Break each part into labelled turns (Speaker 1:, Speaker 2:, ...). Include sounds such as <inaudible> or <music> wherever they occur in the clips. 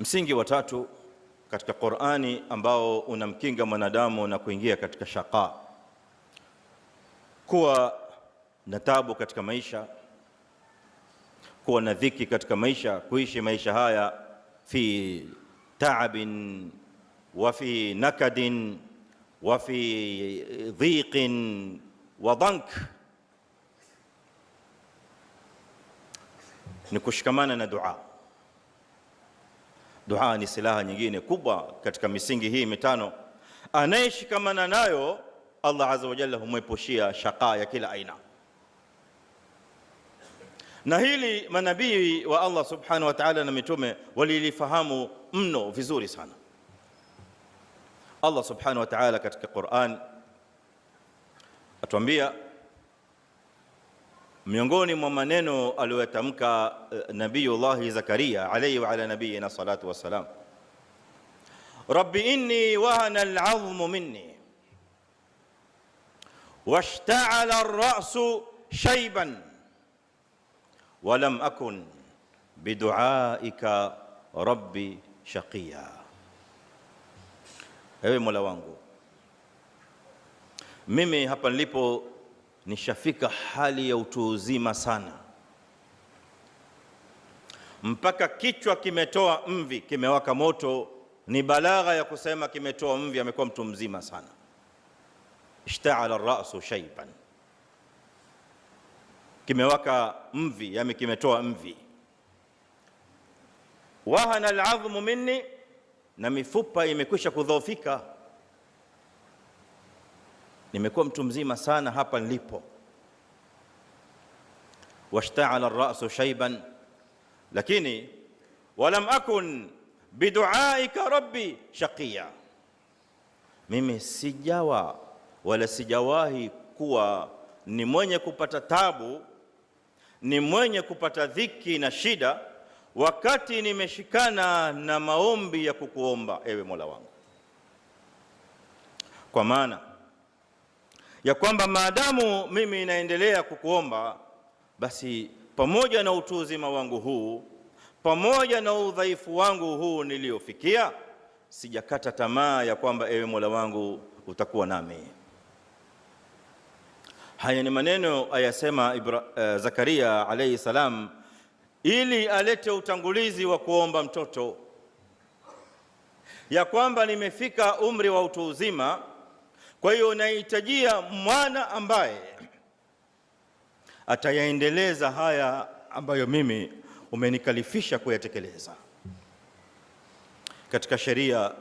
Speaker 1: Msingi wa tatu katika Qur'ani ambao unamkinga mwanadamu na kuingia katika shaka, kuwa na tabu katika maisha, kuwa na dhiki katika maisha, kuishi maisha haya fi taabin wa fi nakadin wa fi dhiqin wa dank, ni kushikamana na duaa Dua ni silaha nyingine kubwa katika misingi hii mitano. Anayeshikamana nayo Allah azza wa jalla humwepushia shakaa ya kila aina, na hili manabii wa Allah subhanahu wa ta'ala na mitume walilifahamu mno vizuri sana. Allah subhanahu wa ta'ala katika Qur'an atuambia Miongoni mwa maneno aliyotamka uh, eh, Nabiyullahi Zakaria alayhi wa ala nabiyina salatu wassalam, rabbi inni wahana al'azmu minni washta'ala ar-ra'su shayban wa lam akun bidu'aika rabbi shaqiya, ewe Mola wangu mimi hapa nilipo nishafika hali ya utu uzima sana, mpaka kichwa kimetoa mvi, kimewaka moto. Ni balagha ya kusema kimetoa mvi, amekuwa mtu mzima sana. Ishtaala rasu shaiban, kimewaka mvi, yani kimetoa mvi. Wahana aladhmu minni, na mifupa imekwisha kudhoofika nimekuwa mtu mzima sana hapa nilipo. Washtaala rasu shayban, lakini walam akun biduaika rabbi shaqiya, mimi sijawa wala sijawahi kuwa ni mwenye kupata tabu, ni mwenye kupata dhiki na shida, wakati nimeshikana na maombi ya kukuomba ewe Mola wangu, kwa maana ya kwamba maadamu mimi naendelea kukuomba, basi pamoja na utu uzima wangu huu, pamoja na udhaifu wangu huu niliofikia, sijakata tamaa ya kwamba ewe Mola wangu utakuwa nami. Haya ni maneno ayasema Ibra, uh, Zakaria alayhi salam ili alete utangulizi wa kuomba mtoto, ya kwamba nimefika umri wa utu uzima kwa hiyo nahitajia mwana ambaye atayaendeleza haya ambayo mimi umenikalifisha kuyatekeleza katika sheria,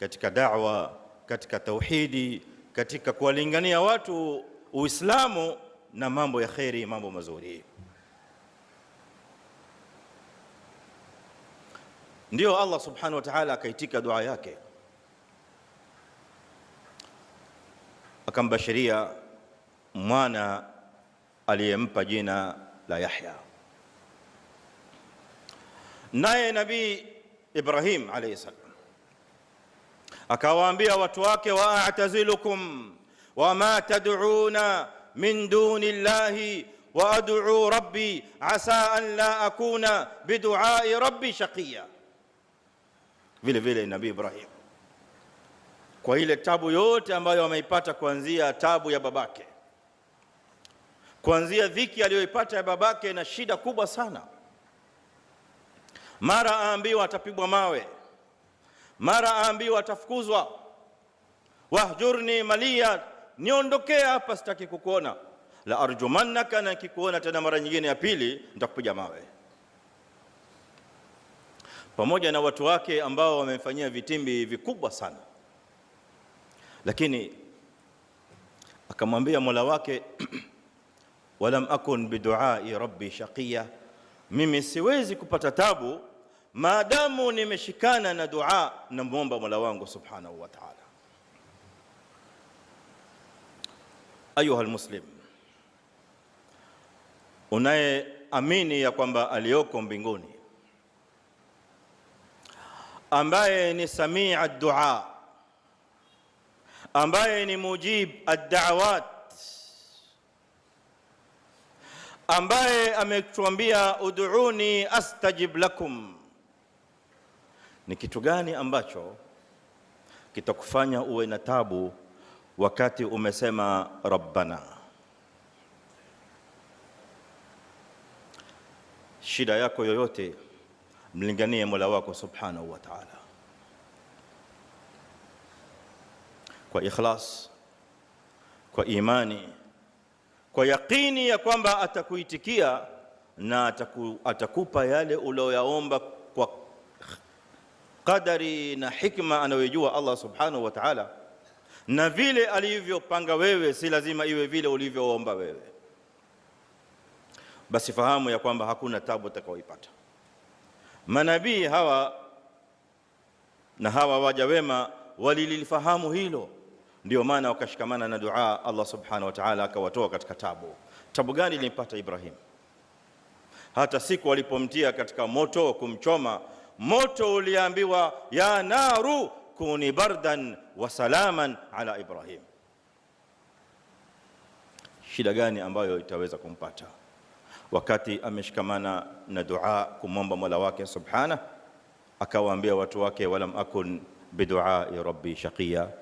Speaker 1: katika da'wa, katika tauhidi, katika kuwalingania watu Uislamu na mambo ya kheri, mambo mazuri. Ndiyo Allah subhanahu wa ta'ala akaitika dua yake. akambashiria mwana aliyempa jina la Yahya. Naye Nabii Ibrahim alayhi salam akawaambia watu wake, wa a'tazilukum wa ma tad'una min duni llahi wa ad'u rabbi asa an la akuna biduai rabbi shaqiya. Vile vile Nabii Ibrahim kwa ile tabu yote ambayo ameipata kuanzia tabu ya babake, kuanzia dhiki aliyoipata ya babake na shida kubwa sana. Mara aambiwa atapigwa mawe, mara aambiwa atafukuzwa, wahjurni malia, niondokee hapa, sitaki kukuona, la arjumannaka, na kikuona tena mara nyingine ya pili nitakupiga mawe pamoja na watu wake ambao wamemfanyia vitimbi vikubwa sana lakini akamwambia Mola wake <clears throat> walam akun biduai rabbi shaqiya, mimi siwezi kupata tabu maadamu nimeshikana na dua na muomba Mola wangu subhanahu wa ta'ala. Ayuha lmuslim unayeamini ya kwamba aliyoko mbinguni ambaye ni samia duaa ambaye ni mujib ad-da'awat, ambaye ametuambia ud'uni astajib lakum. Ni kitu gani ambacho kitakufanya uwe na tabu wakati umesema rabbana? Shida yako yoyote mlinganie Mola wako subhanahu wa ta'ala. kwa ikhlas, kwa imani, kwa yaqini ya kwamba atakuitikia na ataku, atakupa yale ulioyaomba kwa kadari na hikma anayojua Allah subhanahu wa ta'ala, na vile alivyopanga wewe, si lazima iwe vile ulivyoomba wewe. Basi fahamu ya kwamba hakuna tabu utakaoipata. Manabii hawa na hawa waja wema walilifahamu hilo ndio maana wakashikamana na dua, Allah subhanahu wa ta'ala akawatoa katika tabu. Tabu gani ilimpata Ibrahim? Hata siku walipomtia katika moto kumchoma, moto uliambiwa ya naru kuni bardan wa salaman ala Ibrahim. Shida gani ambayo itaweza kumpata wakati ameshikamana na dua kumwomba Mola wake subhana, akawaambia watu wake, walam akun biduai rabbi shaqiya